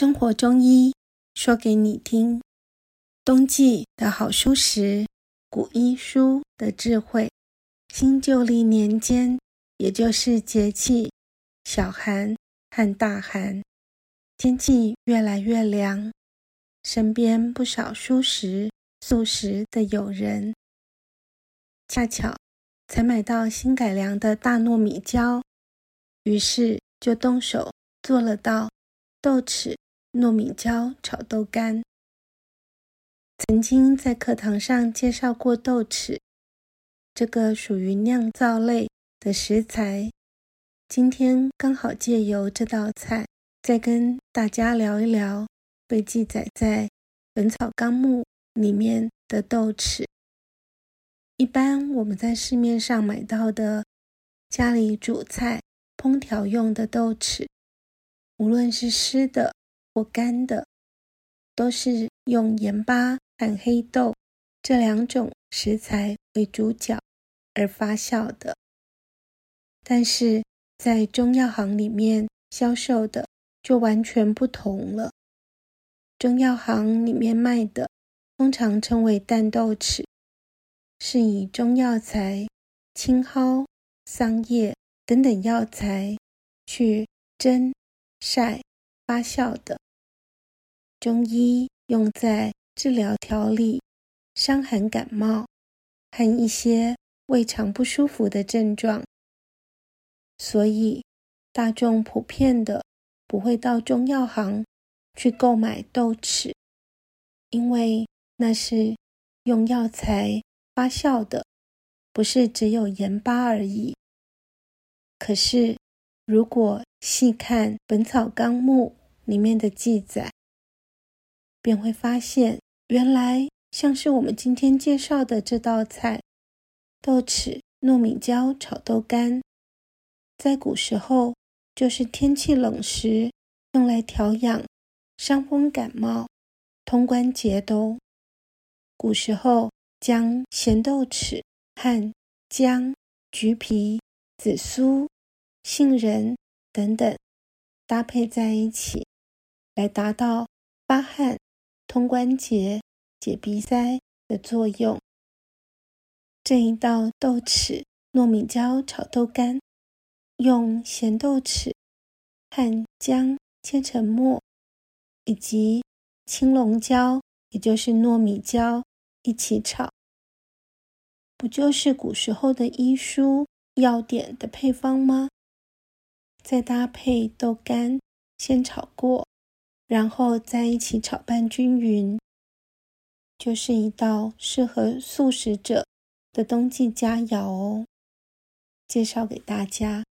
生活中醫說給你聽，冬季的好蔬食，古醫書的智慧。新舊曆年間，也就是節氣小寒和大寒，天氣越來越涼，身邊不少蔬食素食的友人，恰巧才買到新改良的大糯米椒，於是就動手做了道豆豉。糯米椒炒豆乾，曾經在課堂上介紹過豆豉，這個屬於釀造類的食材。今天剛好借由這道菜，再跟大家聊一聊被記載在《本草綱目》裡面的豆豉。一般我們在市面上買到的、家裡煮菜烹調用的豆豉，無論是濕的，或乾的，都是用鹽巴和黑豆這兩種食材為主角而發酵的，但是在中藥行裡面銷售的就完全不同了。中藥行裡面賣的通常稱為淡豆豉，是以中藥材青蒿、桑葉等等藥材去蒸、晒、發酵的。中醫用在治療調理傷寒感冒和一些胃腸不舒服的症狀，所以大眾普遍的不會到中藥行去購買豆豉，因為那是用藥材發酵的，不是只有鹽巴而已。可是如果細看《本草綱目》裡面的記載，便會發現，原來像是我們今天介紹的這道菜——豆豉糯米椒炒豆乾，在古時候就是天氣冷時用來調養傷風感冒、通關節的。古時候將鹹豆豉和薑、橘皮、紫蘇、杏仁等等搭配在一起，來達到發汗。通關節、解鼻塞的作用。這一道豆豉糯米椒炒豆乾，用鹹豆豉和薑切成末，以及青龍椒，也就是糯米椒一起炒，不就是古時候的醫書藥典的配方嗎？再搭配豆乾先炒過。然後再一起炒拌均勻，就是一道適合素食者的冬季佳餚哦，介紹給大家。